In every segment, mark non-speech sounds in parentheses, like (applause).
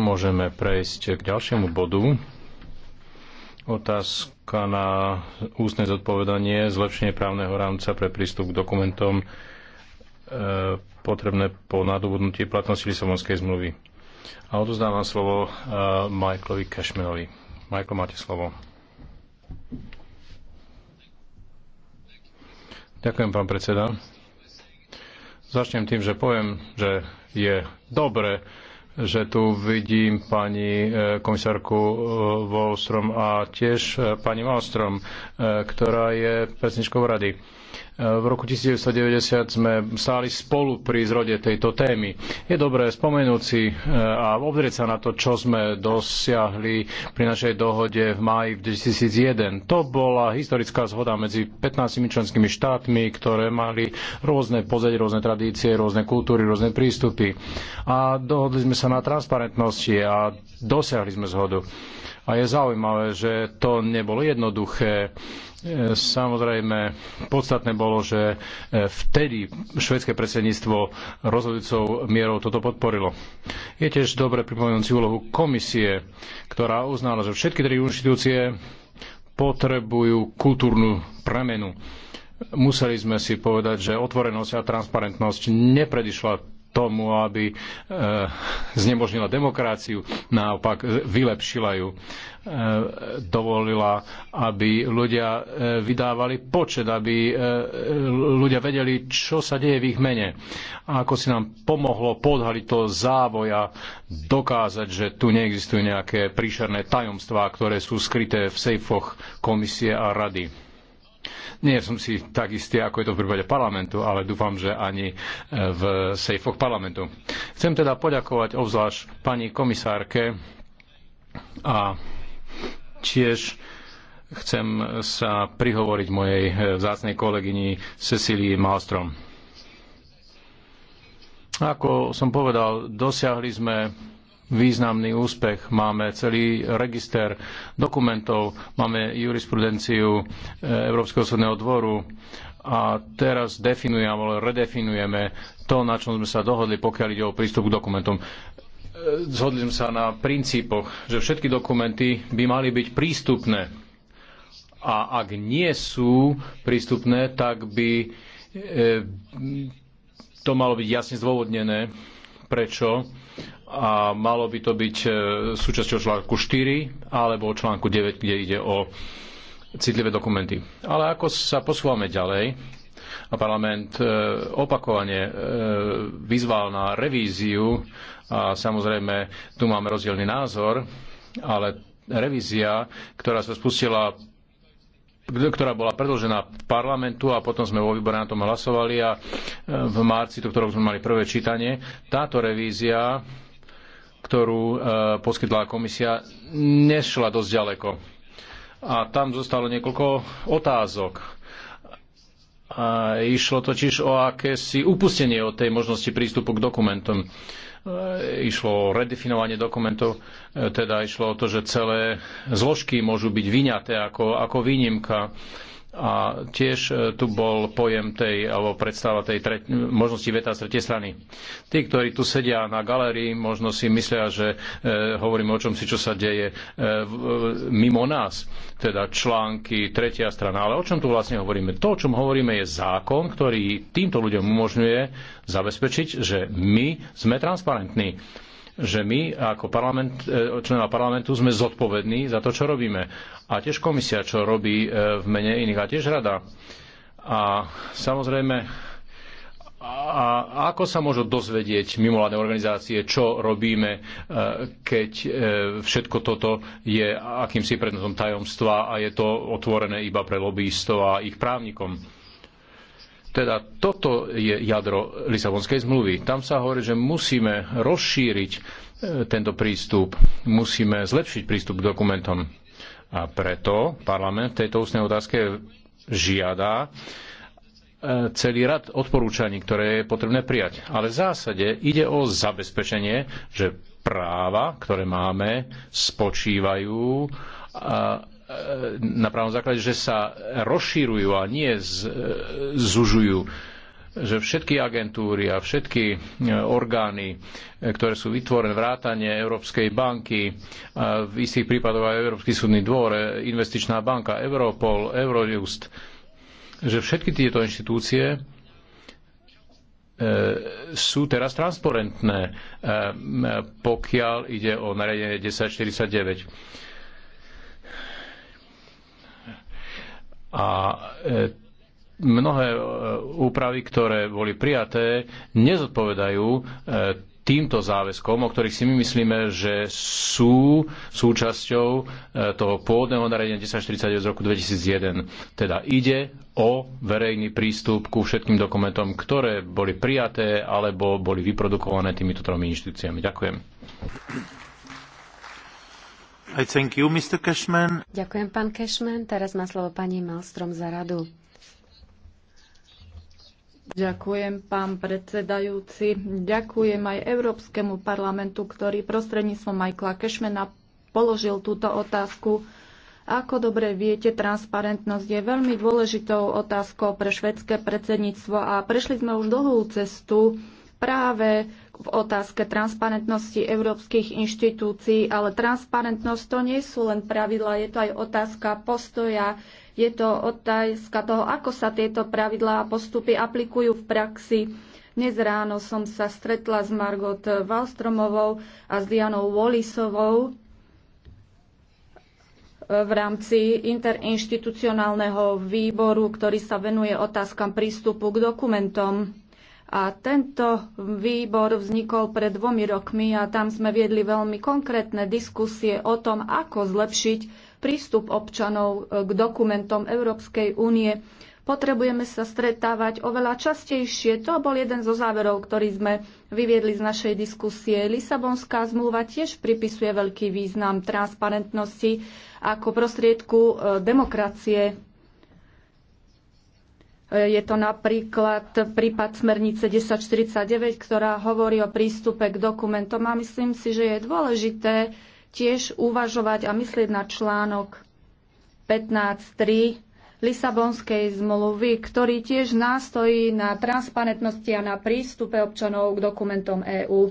Môžeme prejsť k ďalšiemu bodu. Otázka na ústne zodpovedanie, zlepšenie právneho rámca pre prístup k dokumentom e, potrebné po nadobudnutí platnosti Lisabonskej zmluvy. A odozdávam slovo e, Michaelovi Cashmanovi. Michael, máte slovo. Ďakujem, pán predseda. Začnem tým, že poviem, že je dobre, že tu vidím pani e, komisárku e, Wallström a tiež e, pani Malstrom, ktorá je pesničkou rady. V roku 1990 sme stáli spolu pri zrode tejto témy. Je dobré spomenúť si e, a obzrieť sa na to, čo sme dosiahli pri našej dohode v máji 2001. To bola historická zhoda medzi 15 členskými štátmi, ktoré mali rôzne pozadie, rôzne tradície, rôzne kultúry, rôzne prístupy. A dohodli sme sa na transparentnosti a dosiahli sme zhodu. A je zaujímavé, že to nebolo jednoduché. E, samozrejme, podstatné bolo, že e, vtedy švedské predsedníctvo rozhodujúcou mierou toto podporilo. Je tiež dobre pripomenúť si úlohu komisie, ktorá uznala, že všetky tri inštitúcie potrebujú kultúrnu premenu. Museli sme si povedať, že otvorenosť a transparentnosť nepredišla tomu, aby e, znemožnila demokraciu, naopak vylepšila ju, e, dovolila, aby ľudia e, vydávali počet, aby ľudia vedeli, čo sa deje v ich mene. A ako si nám pomohlo podhaliť to závoja, dokázať, že tu neexistujú nejaké príšerné tajomstvá, ktoré sú skryté v sejfoch komisie a rady. Nie som si tak istý, ako je to v prípade parlamentu, ale dúfam, že ani e, v sejfoch parlamentu. Chcem teda poďakovať obzvlášť pani komisárke a tiež chcem sa prihovoriť mojej e, vzácnej kolegyni Cecílii Malstrom. Ako som povedal, dosiahli sme významný úspech. Máme celý register dokumentov, máme jurisprudenciu e, Európskeho súdneho dvoru a teraz definujeme, ale redefinujeme to, na čom sme sa dohodli, pokiaľ ide o prístup k dokumentom. E, zhodli sme sa na princípoch, že všetky dokumenty by mali byť prístupné. A ak nie sú prístupné, tak by e, to malo byť jasne zdôvodnené, prečo a malo by to byť e, súčasťou článku 4 alebo článku 9, kde ide o citlivé dokumenty. Ale ako sa posúvame ďalej, a parlament e, opakovane e, vyzval na revíziu a samozrejme tu máme rozdielný názor, ale revízia, ktorá sa spustila ktorá bola predložená parlamentu a potom sme vo výbore na tom hlasovali a v marci tohto roku sme mali prvé čítanie. Táto revízia ktorú e, poskytla komisia, nešla dosť ďaleko. A tam zostalo niekoľko otázok. A išlo totiž o akési upustenie od tej možnosti prístupu k dokumentom e, išlo o redefinovanie dokumentov, e, teda išlo o to, že celé zložky môžu byť vyňaté ako, ako výnimka. A tiež e, tu bol pojem tej, alebo predstava tej treť, možnosti veta z tretej strany. Tí, ktorí tu sedia na galerii, možno si myslia, že e, hovoríme o čom si, čo sa deje e, e, mimo nás, teda články, tretia strana. Ale o čom tu vlastne hovoríme? To, o čom hovoríme, je zákon, ktorý týmto ľuďom umožňuje zabezpečiť, že my sme transparentní že my ako parlament, e, členov parlamentu sme zodpovední za to, čo robíme. A tiež komisia, čo robí e, v mene iných, a tiež rada. A samozrejme, a ako sa môžu dozvedieť mimoládne organizácie, čo robíme, e, keď všetko toto je akýmsi predmetom tajomstva a je to otvorené iba pre lobbyistov a ich právnikom? Teda toto je jadro Lisabonskej zmluvy. Tam sa hovorí, že musíme rozšíriť e, tento prístup, musíme zlepšiť prístup k dokumentom. A preto parlament v tejto ústnej otázke žiada e, celý rad odporúčaní, ktoré je potrebné prijať. Ale v zásade ide o zabezpečenie, že práva, ktoré máme, spočívajú na právnom základe, že sa rozšírujú a nie e, zužujú že všetky agentúry a všetky e, orgány, e, ktoré sú vytvorené, vrátanie Európskej banky, v istých prípadoch aj Európsky súdny dvor, Investičná banka, Europol, Eurojust, že všetky tieto inštitúcie sú teraz transparentné, pokiaľ ide o nariadenie 1049 A e, mnohé e, úpravy, ktoré boli prijaté, nezodpovedajú e, týmto záväzkom, o ktorých si my myslíme, že sú súčasťou toho pôvodného nariadenia 1049 z roku 2001. Teda ide o verejný prístup ku všetkým dokumentom, ktoré boli prijaté alebo boli vyprodukované týmito tromi inštitúciami. Ďakujem. You, Ďakujem, pán Cashman. Teraz má slovo pani Malstrom za radu. Ďakujem, pán predsedajúci. Ďakujem aj Európskemu parlamentu, ktorý prostredníctvom Michaela Cashmana položil túto otázku. Ako dobre viete, transparentnosť je veľmi dôležitou otázkou pre švedské predsedníctvo a prešli sme už dlhú cestu práve v otázke transparentnosti európskych inštitúcií, ale transparentnosť to nie sú len pravidla, je to aj otázka postoja, je to otázka toho, ako sa tieto pravidlá a postupy aplikujú v praxi. Dnes ráno som sa stretla s Margot Wallstromovou a s Dianou Wallisovou v rámci interinštitucionálneho výboru, ktorý sa venuje otázkam prístupu k dokumentom. A tento výbor vznikol pred dvomi rokmi a tam sme viedli veľmi konkrétne diskusie o tom, ako zlepšiť prístup občanov eh, k dokumentom Európskej únie. Potrebujeme sa stretávať oveľa častejšie. To bol jeden zo záverov, ktorý sme vyviedli z našej diskusie. Lisabonská zmluva tiež pripisuje veľký význam transparentnosti ako prostriedku eh, demokracie je to napríklad prípad smernice 1049, ktorá hovorí o prístupe k dokumentom a myslím si, že je dôležité tiež uvažovať a myslieť na článok 15.3 Lisabonskej zmluvy, ktorý tiež nástojí na transparentnosti a na prístupe občanov k dokumentom EÚ.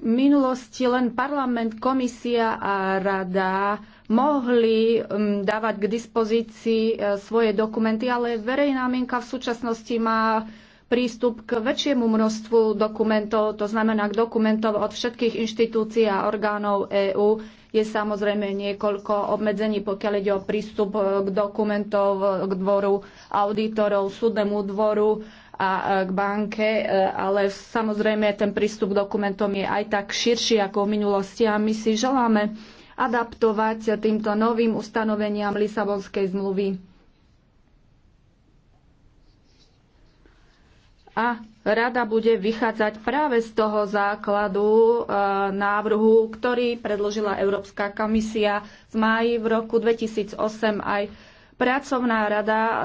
V minulosti len parlament, komisia a rada mohli mm, dávať k dispozícii e, svoje dokumenty, ale verejná mienka v súčasnosti má prístup k väčšiemu množstvu dokumentov, to znamená k dokumentov od všetkých inštitúcií a orgánov EÚ. Je samozrejme niekoľko obmedzení, pokiaľ ide o prístup e, k dokumentov, e, k dvoru auditorov, súdnemu dvoru a k banke, ale samozrejme ten prístup k dokumentom je aj tak širší ako v minulosti a my si želáme adaptovať týmto novým ustanoveniam Lisabonskej zmluvy. A rada bude vychádzať práve z toho základu e, návrhu, ktorý predložila Európska komisia v máji v roku 2008 aj pracovná rada, e,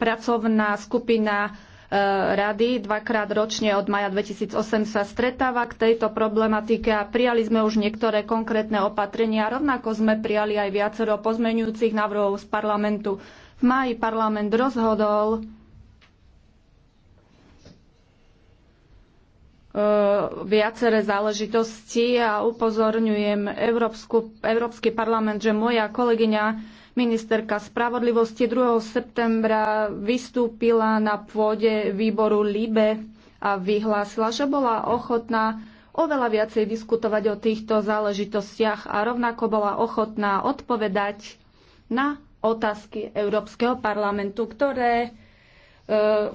pracovná skupina E, rady. Dvakrát ročne od maja 2008 sa stretáva k tejto problematike a prijali sme už niektoré konkrétne opatrenia. Rovnako sme prijali aj viacero pozmenujúcich návrhov z parlamentu. V maji parlament rozhodol e, viaceré záležitosti a upozorňujem Európsku, Európsky parlament, že moja kolegyňa Ministerka spravodlivosti 2. septembra vystúpila na pôde výboru LIBE a vyhlásila, že bola ochotná oveľa viacej diskutovať o týchto záležitostiach a rovnako bola ochotná odpovedať na otázky Európskeho parlamentu, ktoré e,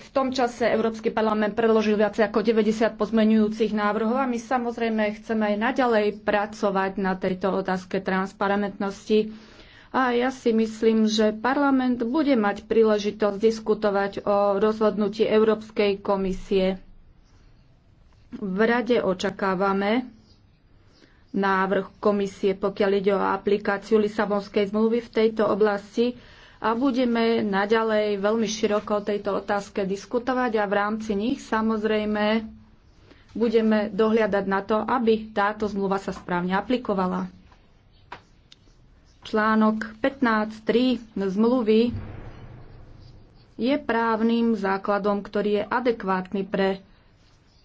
v tom čase Európsky parlament predložil viac ako 90 pozmenujúcich návrhov a my samozrejme chceme aj naďalej pracovať na tejto otázke transparentnosti a ja si myslím, že parlament bude mať príležitosť diskutovať o rozhodnutí Európskej komisie. V rade očakávame návrh komisie, pokiaľ ide o aplikáciu Lisabonskej zmluvy v tejto oblasti a budeme naďalej veľmi široko o tejto otázke diskutovať a v rámci nich samozrejme budeme dohliadať na to, aby táto zmluva sa správne aplikovala. Článok 15.3 zmluvy je právnym základom, ktorý je adekvátny pre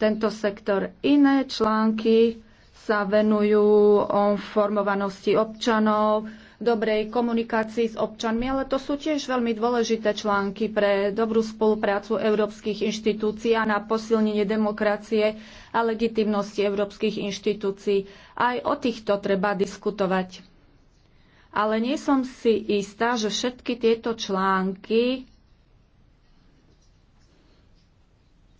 tento sektor. Iné články sa venujú o formovanosti občanov, dobrej komunikácii s občanmi, ale to sú tiež veľmi dôležité články pre dobrú spoluprácu európskych inštitúcií a na posilnenie demokracie a legitimnosti európskych inštitúcií. Aj o týchto treba diskutovať ale nie som si istá, že všetky tieto články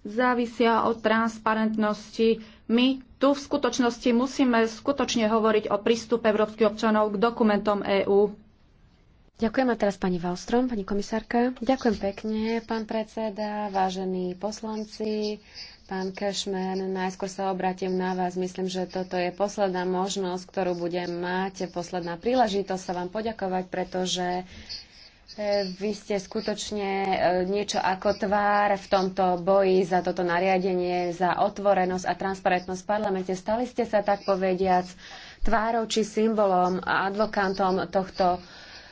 závisia od transparentnosti. My tu v skutočnosti musíme skutočne hovoriť o prístupe európskych občanov k dokumentom EÚ. Ďakujem a teraz pani Valstrom, pani komisárka. Ďakujem pekne, pán predseda, vážení poslanci. Pán Cashman, najskôr sa obratím na vás. Myslím, že toto je posledná možnosť, ktorú budem mať, posledná príležitosť sa vám poďakovať, pretože e, vy ste skutočne e, niečo ako tvár v tomto boji za toto nariadenie, za otvorenosť a transparentnosť v parlamente. Stali ste sa tak povediac tvárou či symbolom a advokantom tohto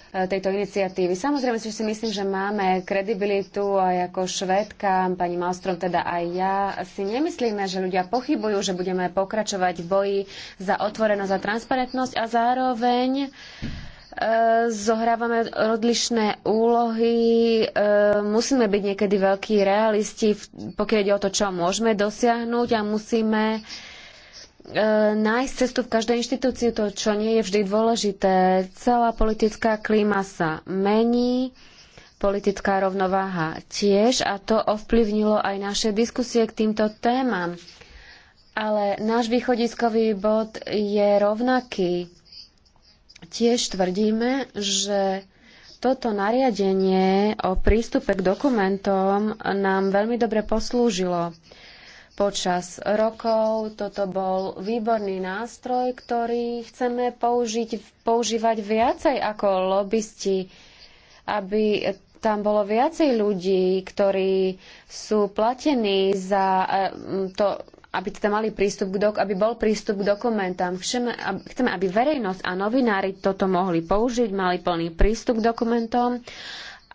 E, tejto iniciatívy. Samozrejme, že si myslím, že máme kredibilitu aj ako švedka, pani Malstrom, teda aj ja, si nemyslíme, že ľudia pochybujú, že budeme pokračovať v boji za otvorenosť a transparentnosť a zároveň e, zohrávame odlišné úlohy, e, musíme byť niekedy veľkí realisti, pokiaľ ide o to, čo môžeme dosiahnuť a musíme E, nájsť cestu v každej inštitúcii, to čo nie je vždy dôležité. Celá politická klíma sa mení, politická rovnováha tiež a to ovplyvnilo aj naše diskusie k týmto témam. Ale náš východiskový bod je rovnaký. Tiež tvrdíme, že toto nariadenie o prístupe k dokumentom nám veľmi dobre poslúžilo počas rokov. Toto bol výborný nástroj, ktorý chceme použiť, používať viacej ako lobbysti, aby tam bolo viacej ľudí, ktorí sú platení za eh, to, aby teda mali prístup k dok- aby bol prístup k dokumentám. Chceme, aby, chceme, aby verejnosť a novinári toto mohli použiť, mali plný prístup k dokumentom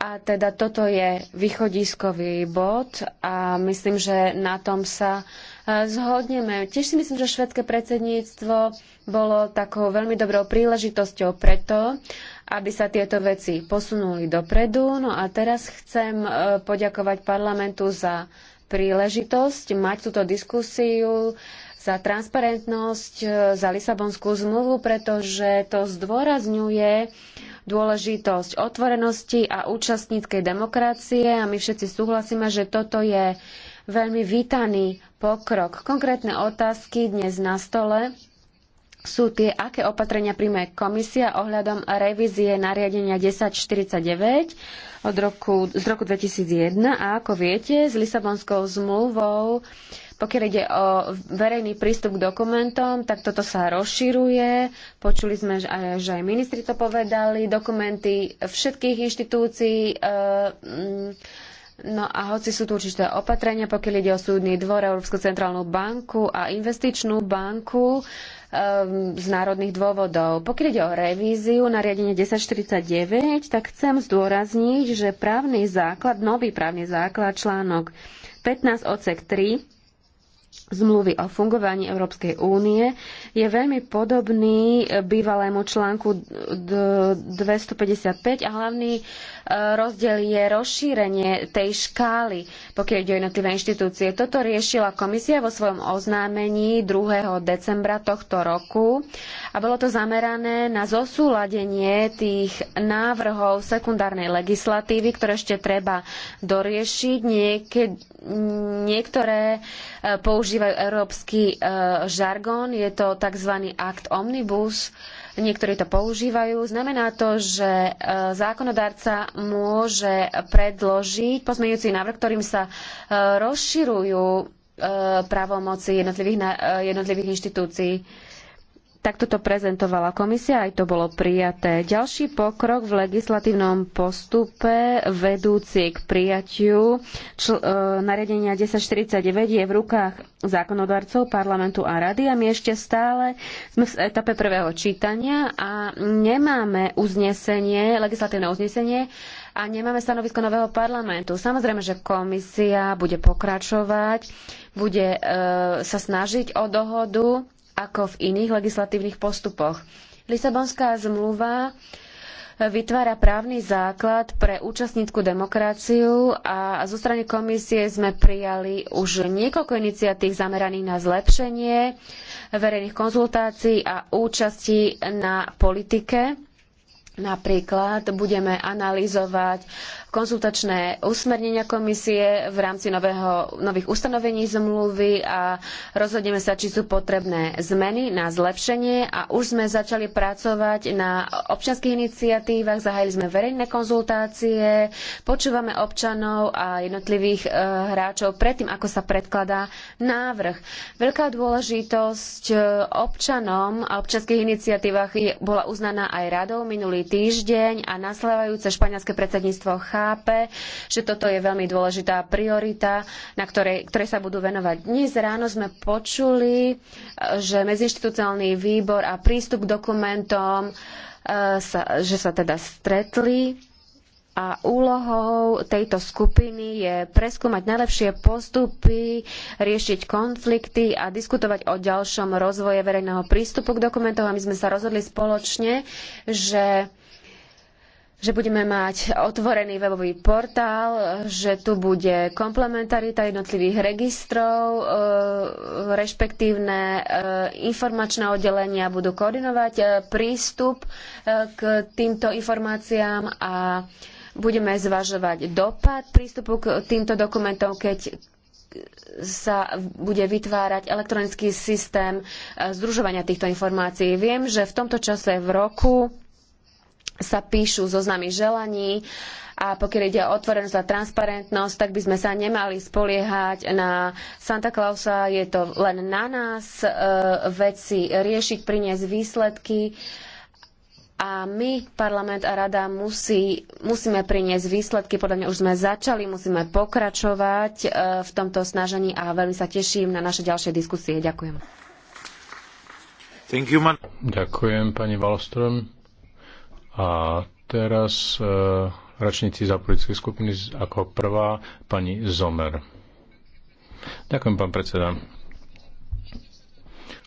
a teda toto je východiskový bod a myslím, že na tom sa e, zhodneme. Tiež si myslím, že švedské predsedníctvo bolo takou veľmi dobrou príležitosťou preto, aby sa tieto veci posunuli dopredu. No a teraz chcem e, poďakovať parlamentu za príležitosť mať túto diskusiu za transparentnosť, e, za Lisabonskú zmluvu, pretože to zdôrazňuje dôležitosť otvorenosti a účastníckej demokracie a my všetci súhlasíme, že toto je veľmi vítaný pokrok. Konkrétne otázky dnes na stole sú tie, aké opatrenia príjme komisia ohľadom revízie nariadenia 1049 od roku, z roku 2001 a ako viete, s Lisabonskou zmluvou pokiaľ ide o verejný prístup k dokumentom, tak toto sa rozširuje. Počuli sme, že aj, že aj ministri to povedali, dokumenty všetkých inštitúcií. E, mm, no a hoci sú tu určité opatrenia, pokiaľ ide o súdny dvor, Európsku centrálnu banku a investičnú banku, e, z národných dôvodov. Pokiaľ ide o revíziu riadenie 1049, tak chcem zdôrazniť, že právny základ, nový právny základ, článok 15 odsek 3 zmluvy o fungovaní Európskej únie je veľmi podobný e, bývalému článku 255 a hlavný e, rozdiel je rozšírenie tej škály, pokiaľ ide o jednotlivé inštitúcie. Toto riešila komisia vo svojom oznámení 2. decembra tohto roku a bolo to zamerané na zosúladenie tých návrhov sekundárnej legislatívy, ktoré ešte treba doriešiť. Niekedy, niektoré e, používajú používajú európsky e, žargón, je to tzv. akt omnibus, niektorí to používajú. Znamená to, že e, zákonodárca môže predložiť pozmeňujúci návrh, ktorým sa e, rozširujú e, právomoci jednotlivých, e, jednotlivých inštitúcií. Takto to prezentovala komisia, aj to bolo prijaté. Ďalší pokrok v legislatívnom postupe vedúci k prijatiu čl- e, nariadenia 1049 je v rukách zákonodarcov parlamentu a rady a my ešte stále sme v etape prvého čítania a nemáme uznesenie, legislatívne uznesenie a nemáme stanovisko nového parlamentu. Samozrejme, že komisia bude pokračovať, bude e, sa snažiť o dohodu ako v iných legislatívnych postupoch. Lisabonská zmluva vytvára právny základ pre účastníckú demokraciu a zo strany komisie sme prijali už niekoľko iniciatív zameraných na zlepšenie verejných konzultácií a účasti na politike. Napríklad budeme analyzovať konzultačné usmernenia komisie v rámci nového, nových ustanovení zmluvy a rozhodneme sa, či sú potrebné zmeny na zlepšenie a už sme začali pracovať na občianskych iniciatívach, zahájili sme verejné konzultácie, počúvame občanov a jednotlivých e, hráčov predtým, ako sa predkladá návrh. Veľká dôležitosť e, občanom a občianskych iniciatívach je, bola uznaná aj radou minulý týždeň a nasledujúce španielske predsedníctvo chápe, chápe, že toto je veľmi dôležitá priorita, na ktorej, ktorej sa budú venovať. Dnes ráno sme počuli, e, že medziinstitucionálny výbor a prístup k dokumentom e, sa, že sa teda stretli a úlohou tejto skupiny je preskúmať najlepšie postupy, riešiť konflikty a diskutovať o ďalšom rozvoje verejného prístupu k dokumentom. A my sme sa rozhodli spoločne, že že budeme mať otvorený webový portál, že tu bude komplementarita jednotlivých registrov, e, rešpektívne e, informačné oddelenia budú koordinovať e, prístup e, k týmto informáciám a budeme zvažovať dopad prístupu k týmto dokumentom, keď sa bude vytvárať elektronický systém e, združovania týchto informácií. Viem, že v tomto čase v roku sa píšu zoznamy želaní a pokiaľ ide o otvorenosť a transparentnosť, tak by sme sa nemali spoliehať na Santa Clausa. Je to len na nás e, veci riešiť, priniesť výsledky. A my, parlament a rada, musí, musíme priniesť výsledky. Podľa mňa už sme začali, musíme pokračovať e, v tomto snažení a veľmi sa teším na naše ďalšie diskusie. Ďakujem. You, Ďakujem, pani Wallström. A teraz e, račníci za politické skupiny ako prvá pani Zomer. Ďakujem, pán predseda.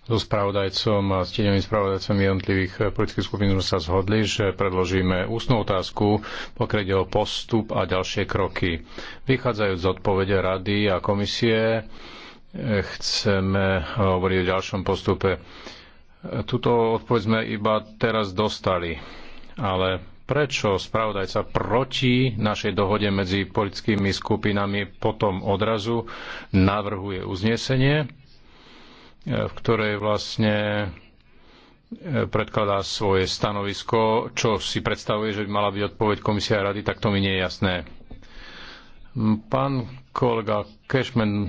So spravodajcom a s spravodajcom jednotlivých e, politických skupín sme sa zhodli, že predložíme ústnu otázku, pokiaľ ide o postup a ďalšie kroky. Vychádzajúc z odpovede rady a komisie, e, chceme hovoriť o ďalšom postupe. E, Tuto odpoveď sme iba teraz dostali ale prečo spravodajca proti našej dohode medzi politickými skupinami potom odrazu navrhuje uznesenie, e, v ktorej vlastne e, predkladá svoje stanovisko, čo si predstavuje, že by mala byť odpoveď komisia rady, tak to mi nie je jasné. Pán kolega Cashman,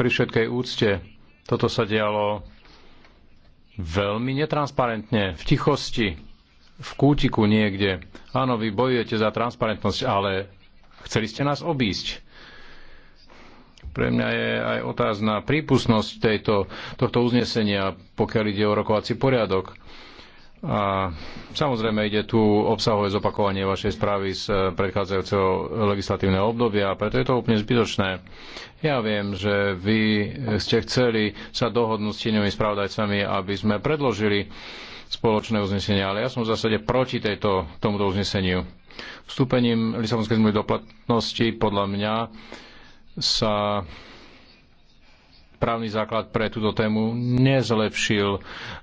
pri všetkej úcte, toto sa dialo veľmi netransparentne, v tichosti v kútiku niekde. Áno, vy bojujete za transparentnosť, ale chceli ste nás obísť. Pre mňa je aj otázna prípustnosť tejto, tohto uznesenia, pokiaľ ide o rokovací poriadok. A samozrejme ide tu obsahové zopakovanie vašej správy z eh, predchádzajúceho legislatívneho obdobia, preto je to úplne zbytočné. Ja viem, že vy ste chceli sa dohodnúť s tieňovými spravodajcami, aby sme predložili spoločné uznesenie, ale ja som v zásade proti tejto, tomuto uzneseniu. Vstúpením Lisabonskej zmluvy do platnosti podľa mňa sa právny základ pre túto tému nezlepšil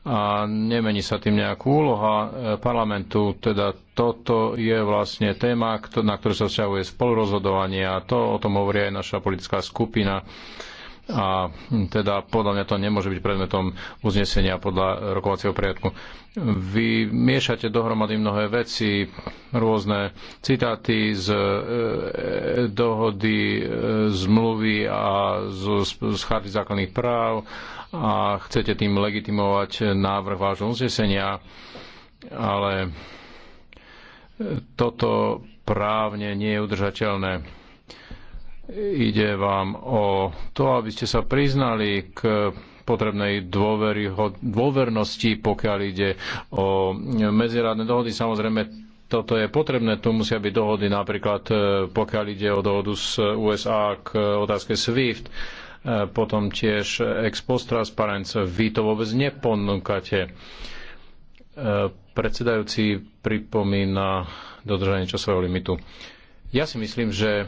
a nemení sa tým nejakú úloha e, parlamentu. Teda toto je vlastne téma, na ktorú sa vzťahuje spolurozhodovanie a to o tom hovorí aj naša politická skupina a hm, teda podľa mňa to nemôže byť predmetom uznesenia podľa rokovacieho priadku. Vy miešate dohromady mnohé veci, rôzne citáty z e, e, dohody, e, zmluvy a z, z, z charty základných práv a chcete tým legitimovať návrh vášho uznesenia, ale toto právne nie je udržateľné Ide vám o to, aby ste sa priznali k potrebnej dôvery, dôvernosti, pokiaľ ide o medzirádne dohody. Samozrejme, toto je potrebné, tu musia byť dohody napríklad, e, pokiaľ ide o dohodu z USA k otázke SWIFT, e, potom tiež ex post transparence. Vy to vôbec neponúkate. E, predsedajúci pripomína dodržanie časového limitu. Ja si myslím, že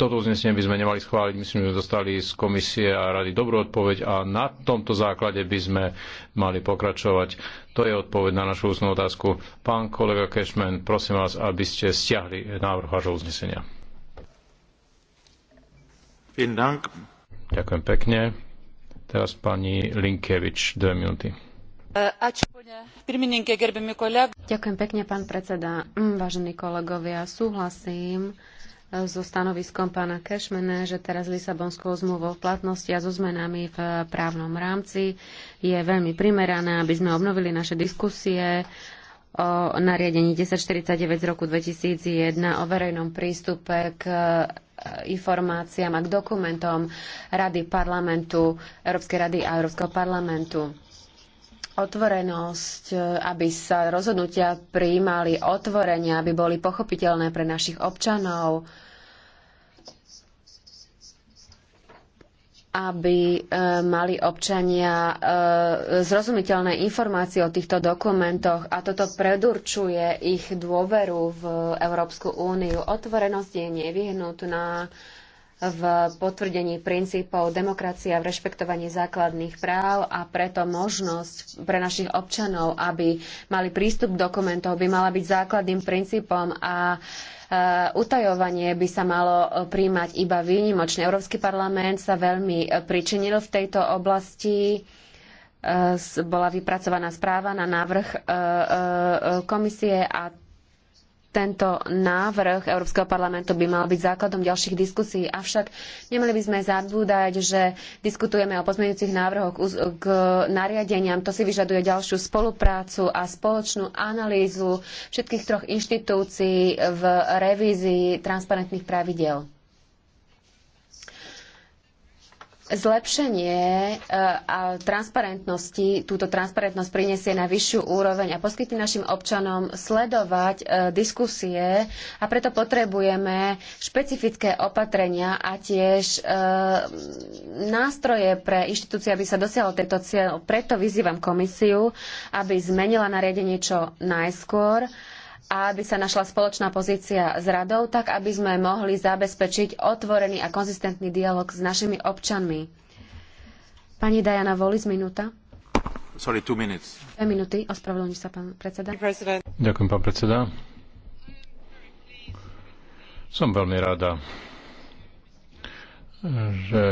toto uznesenie by sme nemali schváliť. Myslím, že sme dostali z komisie a rady dobrú odpoveď a na tomto základe by sme mali pokračovať. To je odpoveď na našu ústnú otázku. Pán kolega Cashman, prosím vás, aby ste stiahli návrh vášho uznesenia. Ďakujem. Ďakujem pekne. Teraz pani Linkevič, dve minúty. E, Ďakujem pekne, pán predseda. Mm, vážení kolegovia, súhlasím so stanoviskom pána Kešmene, že teraz Lisabonskou zmluvou v platnosti a so zmenami v právnom rámci je veľmi primerané, aby sme obnovili naše diskusie o nariadení 1049 z roku 2001 o verejnom prístupe k e, informáciám a k dokumentom Rady parlamentu, Európskej rady a Európskeho parlamentu otvorenosť, e, aby sa rozhodnutia prijímali otvorenia, aby boli pochopiteľné pre našich občanov, aby e, mali občania e, zrozumiteľné informácie o týchto dokumentoch a toto predurčuje ich dôveru v Európsku úniu. Otvorenosť je nevyhnutná v potvrdení princípov demokracie a v rešpektovaní základných práv a preto možnosť pre našich občanov, aby mali prístup k dokumentov, by mala byť základným princípom a e, utajovanie by sa malo príjmať iba výnimočne. Európsky parlament sa veľmi pričinil v tejto oblasti e, bola vypracovaná správa na návrh e, komisie a tento návrh Európskeho parlamentu by mal byť základom ďalších diskusí, avšak nemali by sme zabúdať, že diskutujeme o pozmeňujúcich návrhoch k nariadeniam. To si vyžaduje ďalšiu spoluprácu a spoločnú analýzu všetkých troch inštitúcií v revízii transparentných pravidel. zlepšenie eh, a transparentnosti, túto transparentnosť prinesie na vyššiu úroveň a poskytne našim občanom sledovať eh, diskusie a preto potrebujeme špecifické opatrenia a tiež eh, nástroje pre inštitúcie, aby sa dosiahlo tento cieľ. Preto vyzývam komisiu, aby zmenila nariadenie čo najskôr a aby sa našla spoločná pozícia s radou, tak aby sme mohli zabezpečiť otvorený a konzistentný dialog s našimi občanmi. Pani Dajana Volis, minúta. Sorry, two minutes. Dve minúty, ospravedlňujem sa, pán predseda. Ďakujem, pán predseda. Som veľmi rada, že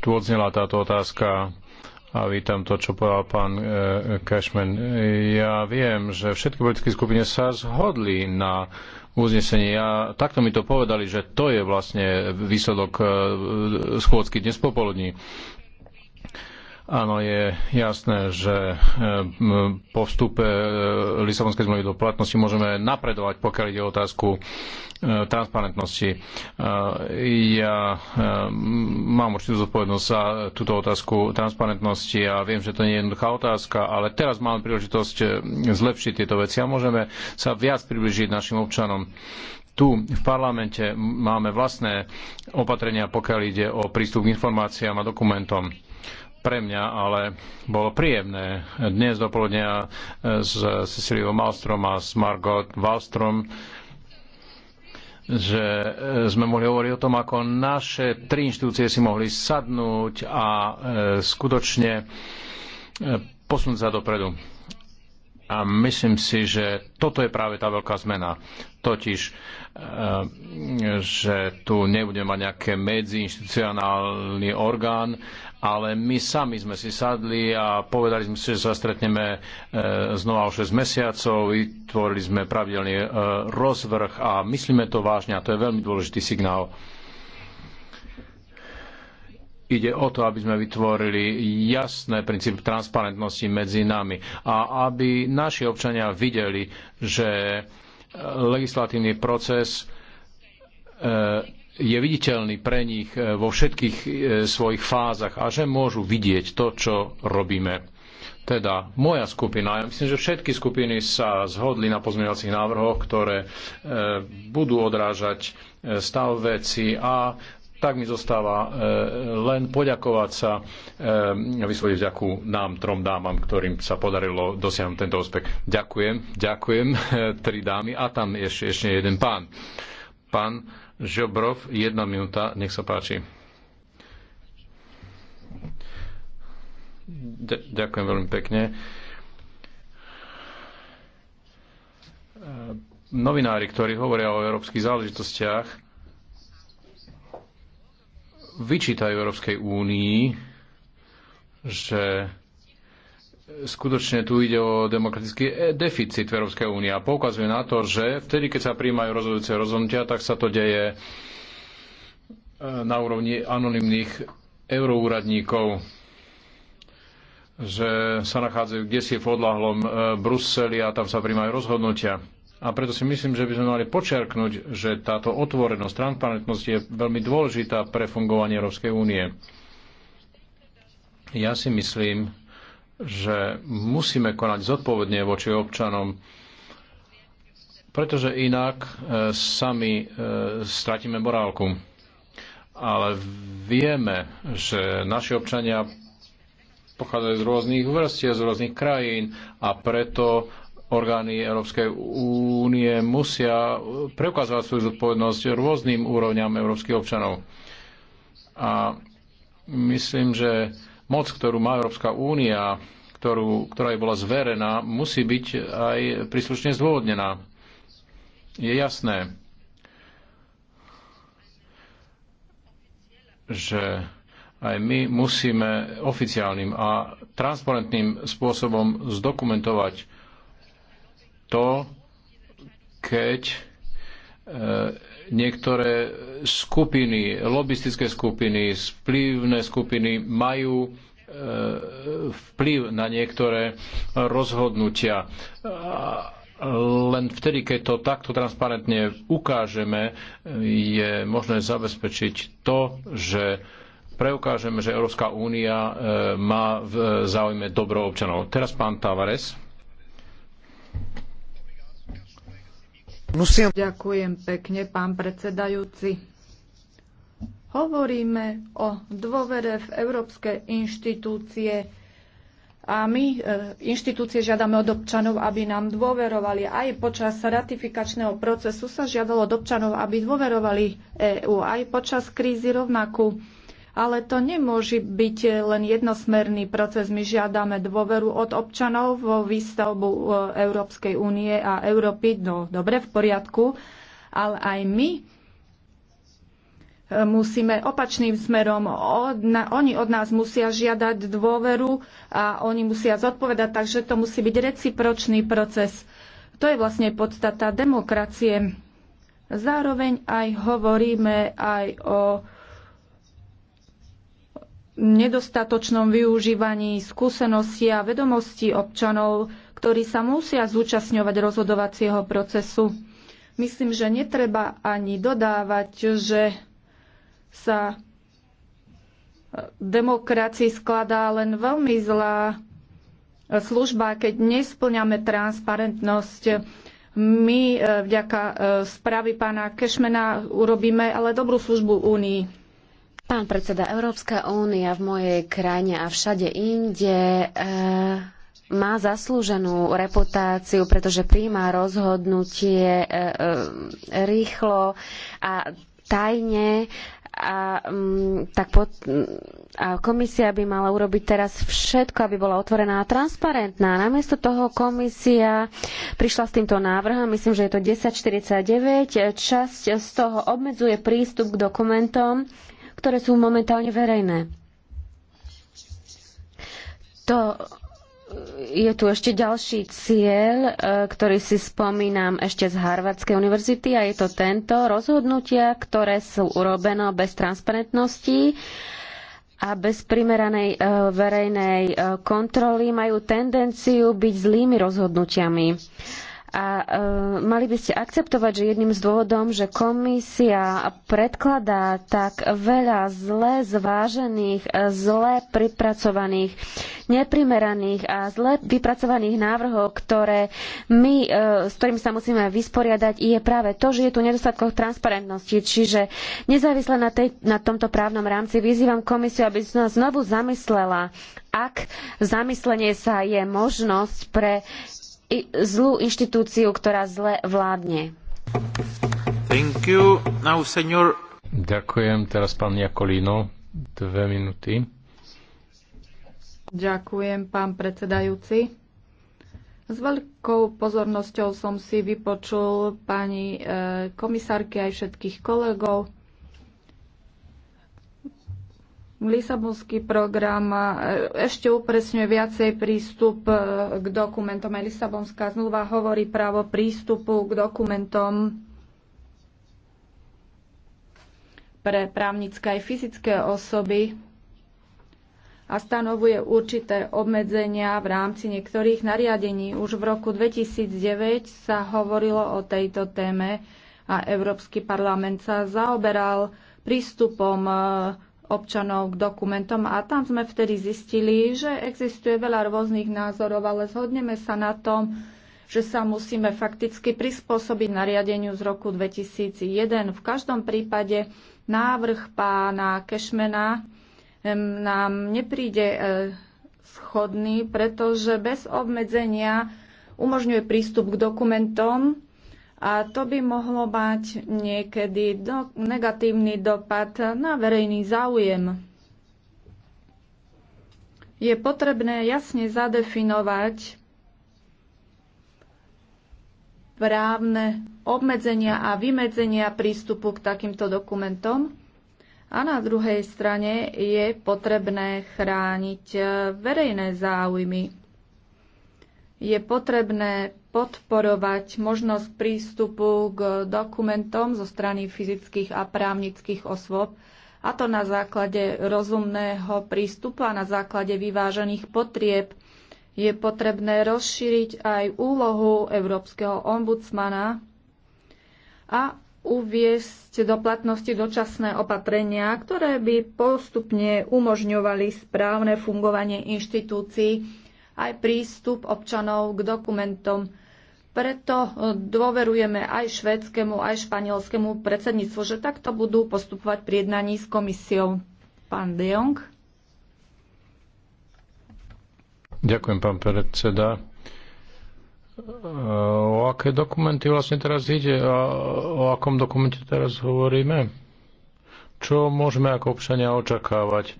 tu odznela táto otázka a vítam to, čo povedal pán e, Cashman. Ja viem, že všetky politické skupiny sa zhodli na uznesenie. Ja, takto mi to povedali, že to je vlastne výsledok e, schôdzky dnes popoludní. Áno, je jasné, že e, po vstupe e, Lisabonskej zmluvy do platnosti môžeme napredovať, pokiaľ ide o otázku e, transparentnosti. Ja mám určitú zodpovednosť za túto otázku transparentnosti a viem, že to nie je jednoduchá otázka, ale teraz máme príležitosť zlepšiť tieto veci a môžeme sa viac približiť našim občanom tu v parlamente máme vlastné opatrenia, pokiaľ ide o prístup k informáciám a dokumentom pre mňa, ale bolo príjemné dnes dopoludnia eh, s Ceciliou Malstrom a s Margot Wallstrom že eh, sme mohli hovoriť o tom, ako naše tri inštitúcie si mohli sadnúť a eh, skutočne posunúť sa dopredu. A myslím si, že toto je práve tá veľká zmena. Totiž, že tu nebudeme mať nejaký medziinstitucionálny orgán, ale my sami sme si sadli a povedali sme si, že sa stretneme e, znova o 6 mesiacov, vytvorili sme pravidelný e, rozvrh a myslíme to vážne a to je veľmi dôležitý signál. Ide o to, aby sme vytvorili jasné princíp transparentnosti medzi nami a aby naši občania videli, že e, legislatívny proces je viditeľný pre nich e, vo všetkých e, svojich fázach a že môžu vidieť to, čo robíme. Teda moja skupina, ja myslím, že všetky skupiny sa zhodli na pozmeňovacích návrhoch, ktoré e, budú odrážať stav veci a tak mi zostáva len poďakovať sa a vysloviť ďakú nám, trom dámam, ktorým sa podarilo dosiahnuť tento úspech. Ďakujem, ďakujem, (laughs) tri dámy a tam ešte, ešte jeden pán. Pán Žobrov, jedna minúta, nech sa páči. ďakujem veľmi pekne. Novinári, ktorí hovoria o európskych záležitostiach, vyčítajú Európskej únii, že skutočne tu ide o demokratický e, deficit v Európskej únie a poukazuje na to, že vtedy, keď sa príjmajú rozhodujúce rozhodnutia, tak sa to deje e, na úrovni anonimných euroúradníkov, že sa nachádzajú kde si v odlahlom e, Bruseli a tam sa príjmajú rozhodnutia. A preto si myslím, že by sme mali počerknúť, že táto otvorenosť, transparentnosť je veľmi dôležitá pre fungovanie Európskej únie. Ja si myslím, že musíme konať zodpovedne voči občanom, pretože inak e, sami e, stratíme morálku. Ale vieme, že naši občania pochádzajú z rôznych vrstiev, z rôznych krajín a preto orgány Európskej únie musia preukázať svoju zodpovednosť rôznym úrovňam európskych občanov. A myslím, že moc, ktorú má Európska únia, ktorú, ktorá je bola zverená, musí byť aj príslušne zdôvodnená. Je jasné, že aj my musíme oficiálnym a transparentným spôsobom zdokumentovať to, keď E, niektoré skupiny, lobistické skupiny, vplyvné skupiny majú e, vplyv na niektoré rozhodnutia. Len vtedy, keď to takto transparentne ukážeme, je možné zabezpečiť to, že preukážeme, že Európska únia e, má v záujme dobro občanov. Teraz pán Tavares. Musím... Ďakujem pekne, pán predsedajúci. Hovoríme o dôvere v európske inštitúcie a my, e, inštitúcie, žiadame od občanov, aby nám dôverovali. Aj počas ratifikačného procesu sa žiadalo od občanov, aby dôverovali EÚ. Aj počas krízy rovnakú ale to nemôže byť len jednosmerný proces. My žiadame dôveru od občanov vo výstavbu e, Európskej únie a Európy. No, dobre, v poriadku. Ale aj my e, musíme opačným smerom. Od, na, oni od nás musia žiadať dôveru a oni musia zodpovedať, takže to musí byť recipročný proces. To je vlastne podstata demokracie. Zároveň aj hovoríme aj o nedostatočnom využívaní skúseností a vedomostí občanov, ktorí sa musia zúčastňovať rozhodovacieho procesu. Myslím, že netreba ani dodávať, že sa e, demokracii skladá len veľmi zlá e, služba, keď nesplňame transparentnosť. My e, vďaka správy pána Kešmena urobíme ale dobrú službu Únii. Pán predseda, Európska únia v mojej krajine a všade inde e, má zaslúženú reputáciu, pretože príjma rozhodnutie e, e, rýchlo a tajne a, m, mm, tak pod, a komisia by mala urobiť teraz všetko, aby bola otvorená a transparentná. Namiesto toho komisia prišla s týmto návrhom, myslím, že je to 1049, časť z toho obmedzuje prístup k dokumentom ktoré sú momentálne verejné. To e, je tu ešte ďalší cieľ, e, ktorý si spomínam ešte z Harvardskej univerzity a je to tento. Rozhodnutia, ktoré sú urobené bez transparentnosti a bez primeranej e, verejnej kontroly, majú tendenciu byť zlými rozhodnutiami. A e, mali by ste akceptovať, že jedným z dôvodom, že komisia predkladá tak veľa zle zvážených, e, zle pripracovaných, neprimeraných a zle vypracovaných návrhov, ktoré my, e, s ktorými sa musíme vysporiadať, je práve to, že je tu nedostatkoch transparentnosti. Čiže nezávisle na, tej, na tomto právnom rámci vyzývam komisiu, aby sa znovu zamyslela ak zamyslenie sa je možnosť pre zlú inštitúciu, ktorá zle vládne. Thank you. Now, senior... Ďakujem. Teraz pán Jakolino. Dve minúty. Ďakujem, pán predsedajúci. S veľkou pozornosťou som si vypočul pani eh, komisárky aj všetkých kolegov. Lisabonský program e, ešte upresňuje viacej prístup e, k dokumentom. Aj Lisabonská zmluva hovorí právo prístupu k dokumentom pre právnické aj fyzické osoby a stanovuje určité obmedzenia v rámci niektorých nariadení. Už v roku 2009 sa hovorilo o tejto téme a Európsky parlament sa zaoberal prístupom e, občanov k dokumentom a tam sme vtedy zistili, že existuje veľa rôznych názorov, ale zhodneme sa na tom, že sa musíme fakticky prispôsobiť nariadeniu z roku 2001. V každom prípade návrh pána Kešmena nám nepríde e, schodný, pretože bez obmedzenia umožňuje prístup k dokumentom a to by mohlo mať niekedy do, negatívny dopad na verejný záujem. Je potrebné jasne zadefinovať právne obmedzenia a vymedzenia prístupu k takýmto dokumentom a na druhej strane je potrebné chrániť verejné záujmy. Je potrebné podporovať možnosť prístupu k dokumentom zo strany fyzických a právnických osôb, a to na základe rozumného prístupu a na základe vyvážených potrieb. Je potrebné rozšíriť aj úlohu Európskeho ombudsmana a uviesť do platnosti dočasné opatrenia, ktoré by postupne umožňovali správne fungovanie inštitúcií aj prístup občanov k dokumentom. Preto e, dôverujeme aj švédskému, aj španielskému predsedníctvu, že takto budú postupovať pri jednaní s komisiou. Pán De Jong. Ďakujem, pán predseda. E, o aké dokumenty vlastne teraz ide? A o akom dokumente teraz hovoríme? Čo môžeme ako občania očakávať,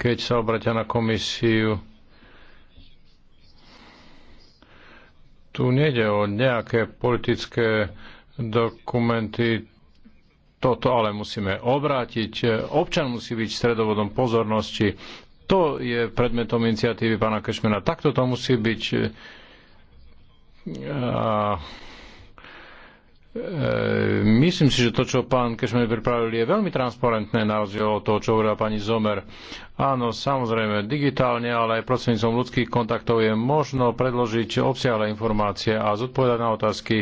keď sa obratia na komisiu? tu nejde o nejaké politické dokumenty, toto ale musíme obrátiť. Občan musí byť stredovodom pozornosti. To je predmetom iniciatívy pána Kešmena. Takto to musí byť. A E, myslím si, že to, čo pán Kešmer pripravil, je veľmi transparentné na rozdiel od toho, čo hovorila pani Zomer. Áno, samozrejme, digitálne, ale aj prostredníctvom ľudských kontaktov je možno predložiť obsiahle informácie a zodpovedať na otázky.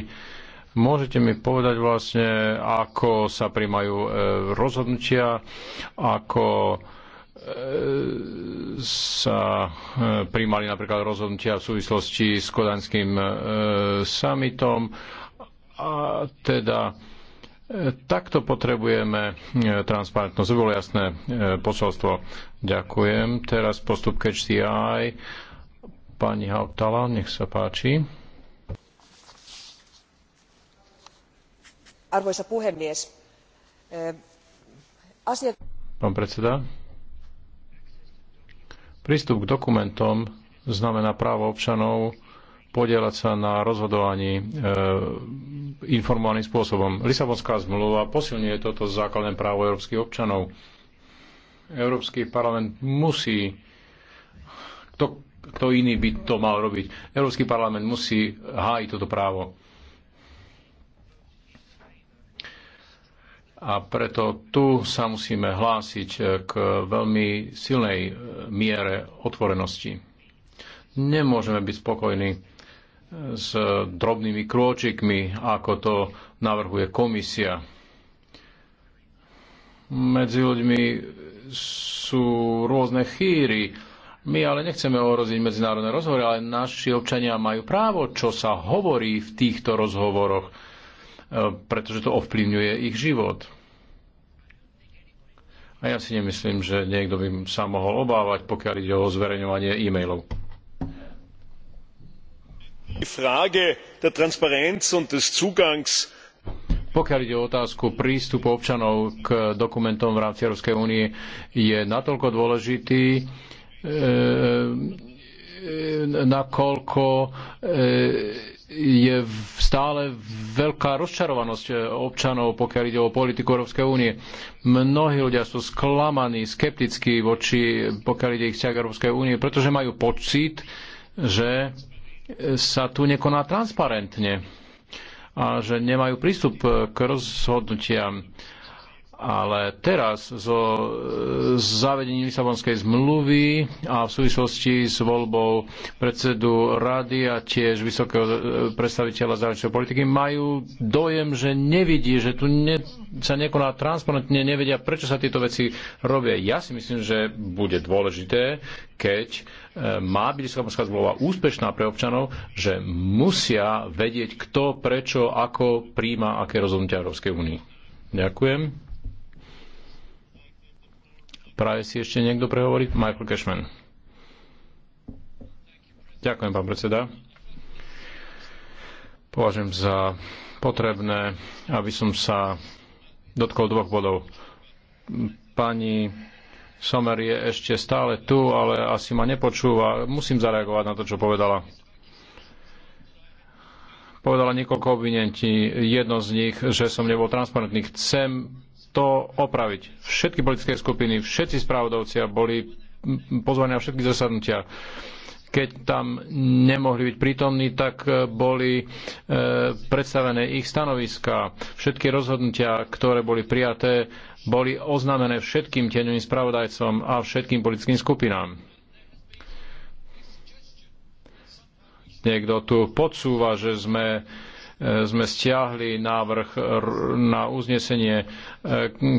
Môžete mi povedať vlastne, ako sa príjmajú e, rozhodnutia, ako e, sa príjmali napríklad rozhodnutia v súvislosti s kodanským summitom a teda e, takto potrebujeme e, transparentnosť. To bolo jasné e, posolstvo. Ďakujem. Teraz postup CatchCI. Pani Hautala, nech sa páči. Arvoisa puhemies. Asiat... Pán predseda. Prístup k dokumentom znamená právo občanov podielať sa na rozhodovaní e, informovaným spôsobom. Lisabonská zmluva posilňuje toto základné právo európskych občanov. Európsky parlament musí, kto, kto iný by to mal robiť, Európsky parlament musí hájiť toto právo. A preto tu sa musíme hlásiť k veľmi silnej miere otvorenosti. Nemôžeme byť spokojní s drobnými krôčikmi, ako to navrhuje komisia. Medzi ľuďmi sú rôzne chýry. My ale nechceme ohroziť medzinárodné rozhovory, ale naši občania majú právo, čo sa hovorí v týchto rozhovoroch, e, pretože to ovplyvňuje ich život. A ja si nemyslím, že niekto by sa mohol obávať, pokiaľ ide o zverejňovanie e-mailov. Pokiaľ ide o otázku prístupu občanov k dokumentom v rámci Európskej únie, je natoľko dôležitý, e, e nakoľko e, je stále veľká rozčarovanosť občanov, pokiaľ ide o politiku Európskej únie. Mnohí ľudia sú sklamaní, skeptickí voči, pokiaľ ide ich vzťah Európskej únie, pretože majú pocit, že sa tu nekoná transparentne a že nemajú prístup k rozhodnutiam ale teraz so e, zavedením Lisabonskej zmluvy a v súvislosti s voľbou predsedu rady a tiež vysokého e, predstaviteľa zahraničnej politiky majú dojem, že nevidí, že tu ne, sa nekoná transparentne, nevedia, prečo sa tieto veci robia. Ja si myslím, že bude dôležité, keď e, má byť Lisabonská zmluva úspešná pre občanov, že musia vedieť, kto, prečo, ako príjma aké rozhodnutia Európskej únii. Ďakujem. Praje si ešte niekto prehovoriť? Michael Cashman. Ďakujem, pán predseda. Považujem za potrebné, aby som sa dotkol dvoch bodov. Pani Somer je ešte stále tu, ale asi ma nepočúva. Musím zareagovať na to, čo povedala. Povedala niekoľko obvinentí. Jedno z nich, že som nebol transparentný. Chcem to opraviť. Všetky politické skupiny, všetci spravodovcia boli pozvaní na všetky zasadnutia. Keď tam nemohli byť prítomní, tak e, boli e, predstavené ich stanoviská. Všetky rozhodnutia, ktoré boli prijaté, boli oznámené všetkým tieňovým spravodajcom a všetkým politickým skupinám. Niekto tu podsúva, že sme E, sme stiahli návrh na uznesenie, e,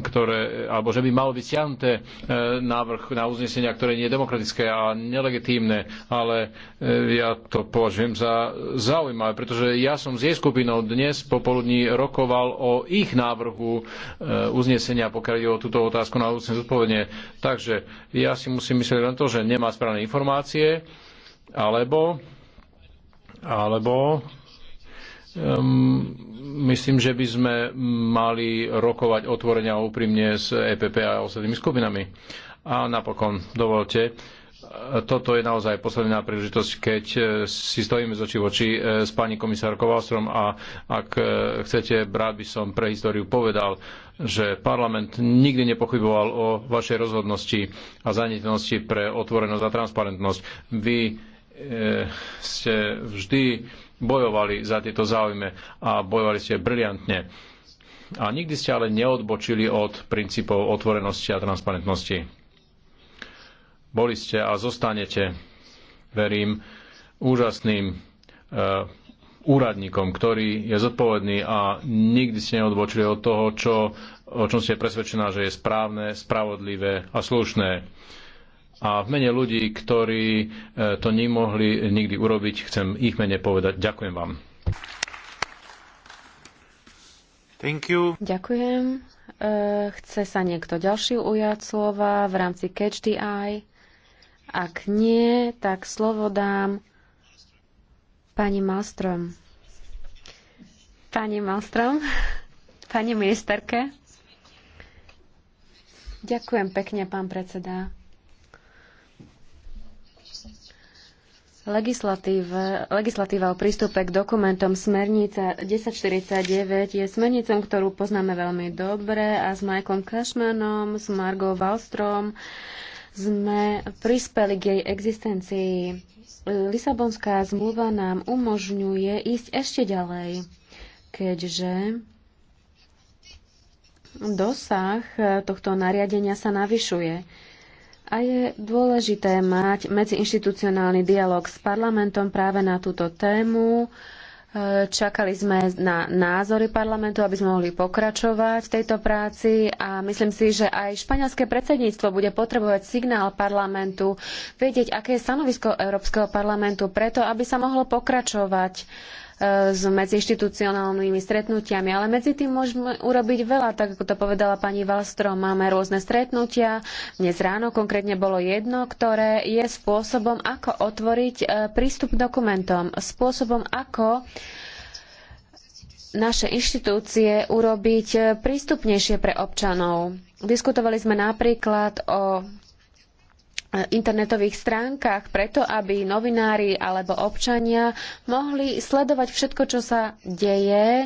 ktoré, alebo že by mal byť stiahnuté e, návrh na uznesenia, ktoré nie je demokratické a nelegitímne, ale ja to považujem za zaujímavé, pretože ja som s jej skupinou dnes popoludní rokoval o ich návrhu uznesenia, pokiaľ ide o túto otázku na ústne zodpovedne. Takže ja si musím myslieť len to, že nemá správne informácie, alebo alebo Ehm, myslím, že by sme mali rokovať otvorene a úprimne s EPP a ostatnými skupinami. A napokon, dovolte, e, toto je naozaj posledná príležitosť, keď e, si stojíme z očí v oči e, s pani komisárkou Wallström a ak chcete, brát by som pre históriu povedal, že parlament nikdy nepochyboval o vašej rozhodnosti a zaniteľnosti pre otvorenosť a transparentnosť. Vy e, ste vždy bojovali za tieto záujme a bojovali ste briliantne. A nikdy ste ale neodbočili od princípov otvorenosti a transparentnosti. Boli ste a zostanete, verím, úžasným e, úradníkom, ktorý je zodpovedný a nikdy ste neodbočili od toho, čo, o čom ste presvedčená, že je správne, spravodlivé a slušné a v mene ľudí, ktorí e, to nemohli nikdy urobiť, chcem ich mene povedať ďakujem vám. Thank you. Ďakujem. E, chce sa niekto ďalší ujať slova v rámci Catch the Eye? Ak nie, tak slovo dám pani Malstrom. Pani Malstrom, (laughs) pani ministerke. Ďakujem pekne, pán predseda. Legislatíva o prístupe k dokumentom smernica 1049 je smernicom, ktorú poznáme veľmi dobre a s Michaelom Cashmanom, s Margot Wallstrom sme prispeli k jej existencii. Lisabonská zmluva nám umožňuje ísť ešte ďalej, keďže dosah tohto nariadenia sa navyšuje. A je dôležité mať medziinštitucionálny dialog s parlamentom práve na túto tému. E, čakali sme na názory parlamentu, aby sme mohli pokračovať v tejto práci a myslím si, že aj španielské predsedníctvo bude potrebovať signál parlamentu, vedieť, aké je stanovisko Európskeho parlamentu, preto aby sa mohlo pokračovať uh, s medziinštitucionálnymi stretnutiami, ale medzi tým môžeme urobiť veľa, tak ako to povedala pani Valstro, Máme rôzne stretnutia. Dnes ráno konkrétne bolo jedno, ktoré je spôsobom, ako otvoriť e, prístup k dokumentom, spôsobom, ako naše inštitúcie urobiť e, prístupnejšie pre občanov. Diskutovali sme napríklad o internetových stránkach, preto aby novinári alebo občania mohli sledovať všetko, čo sa deje e,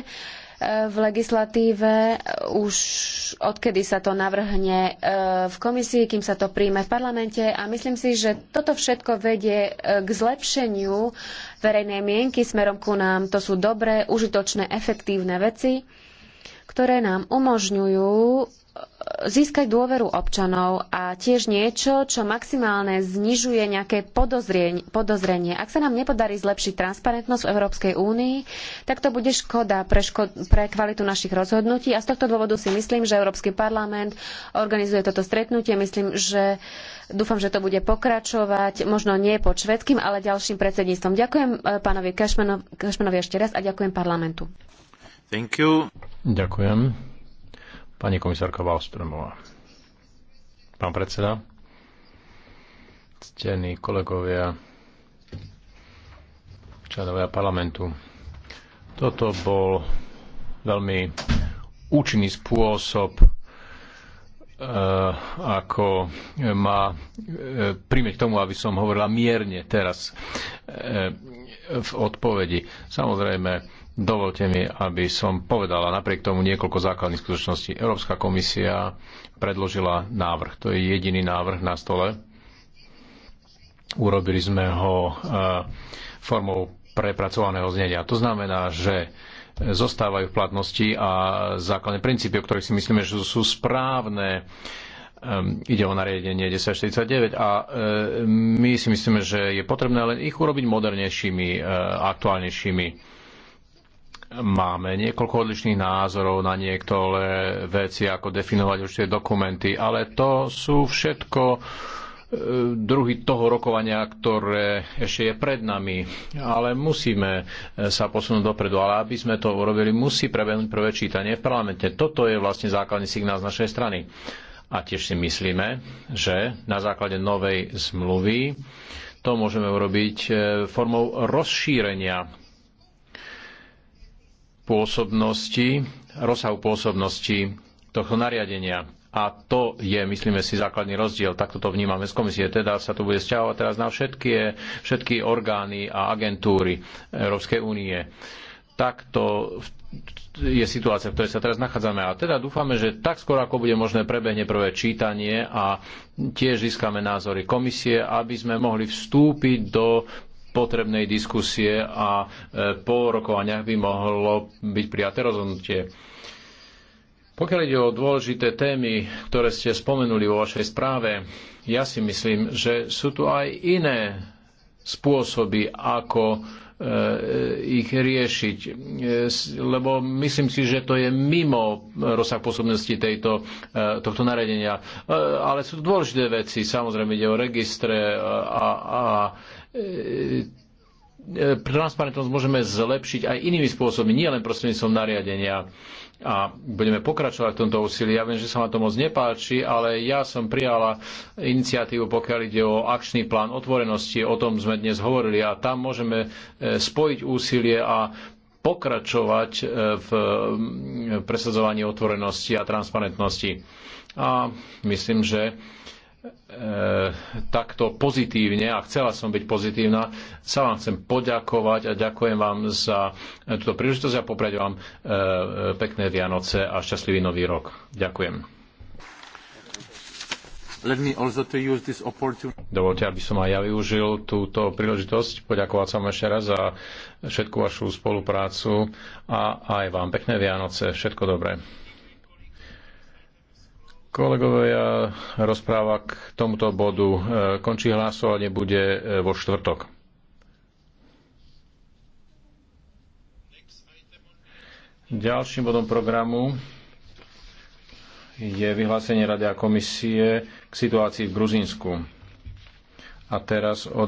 v legislatíve už odkedy sa to navrhne e, v komisii, kým sa to príjme v parlamente a myslím si, že toto všetko vedie e, k zlepšeniu verejnej mienky smerom ku nám. To sú dobré, užitočné, efektívne veci ktoré nám umožňujú eh, získať dôveru občanov a tiež niečo, čo maximálne znižuje nejaké podozrenie. Ak sa nám nepodarí zlepšiť transparentnosť v Európskej únii, tak to bude škoda pre, ško- pre kvalitu našich rozhodnutí a z tohto dôvodu si myslím, že Európsky parlament organizuje toto stretnutie. Myslím, že dúfam, že to bude pokračovať, možno nie pod švedským, ale ďalším predsedníctvom. Ďakujem eh, pánovi Kašmanovi ešte raz a ďakujem parlamentu. Thank you. Ďakujem. Pani komisárka Wallströmová. Pán predseda, ctení kolegovia, členovia parlamentu. Toto bol veľmi účinný spôsob, eh, ako ma eh, príjme k tomu, aby som hovorila mierne teraz eh, v odpovedi. Samozrejme, Dovolte mi, aby som povedala napriek tomu niekoľko základných skutočností. Európska komisia predložila návrh. To je jediný návrh na stole. Urobili sme ho e, formou prepracovaného znenia. To znamená, že zostávajú v platnosti a základné princípy, o ktorých si myslíme, že sú správne, um, ide o nariadenie 1049 a e, my si myslíme, že je potrebné len ich urobiť modernejšími, uh, aktuálnejšími máme niekoľko odlišných názorov na niektoré veci, ako definovať určité dokumenty, ale to sú všetko e, druhy toho rokovania, ktoré ešte je pred nami. Ale musíme e, sa posunúť dopredu. Ale aby sme to urobili, musí prebehnúť prvé čítanie v parlamente. Toto je vlastne základný signál z našej strany. A tiež si myslíme, že na základe novej zmluvy to môžeme urobiť e, formou rozšírenia pôsobnosti, rozsahu pôsobnosti tohto nariadenia. A to je, myslíme si, základný rozdiel. Takto to vnímame z komisie. Teda sa to bude vzťahovať teraz na všetky, všetky orgány a agentúry Európskej únie. Takto je situácia, v ktorej sa teraz nachádzame. A teda dúfame, že tak skoro ako bude možné prebehne prvé čítanie a tiež získame názory komisie, aby sme mohli vstúpiť do potrebnej diskusie a e, po rokovaniach by mohlo byť prijaté rozhodnutie. Pokiaľ ide o dôležité témy, ktoré ste spomenuli vo vašej správe, ja si myslím, že sú tu aj iné spôsoby, ako E, ich riešiť. E, lebo myslím si, že to je mimo rozsah posobnosti tejto, e, tohto naredenia. Ale sú dôležité veci. Samozrejme ide o registre a, a transparentnosť môžeme zlepšiť aj inými spôsobmi, nielen prostredníctvom nariadenia a budeme pokračovať v tomto úsilí. Ja viem, že sa ma to moc nepáči, ale ja som prijala iniciatívu, pokiaľ ide o akčný plán otvorenosti, o tom sme dnes hovorili a tam môžeme e, spojiť úsilie a pokračovať e, v presadzovaní otvorenosti a transparentnosti. A myslím, že E, takto pozitívne a chcela som byť pozitívna. Sa vám chcem poďakovať a ďakujem vám za túto príležitosť a poprať vám e, pekné Vianoce a šťastlivý nový rok. Ďakujem. Dovolte, aby som aj ja využil túto príležitosť. Poďakovať sa vám ešte raz za všetku vašu spoluprácu a aj vám pekné Vianoce. Všetko dobré. Kolegovia, rozpráva k tomuto bodu e, končí hlasovanie, bude e, vo štvrtok. Ďalším bodom programu je vyhlásenie Rady a komisie k situácii v Gruzínsku. A teraz od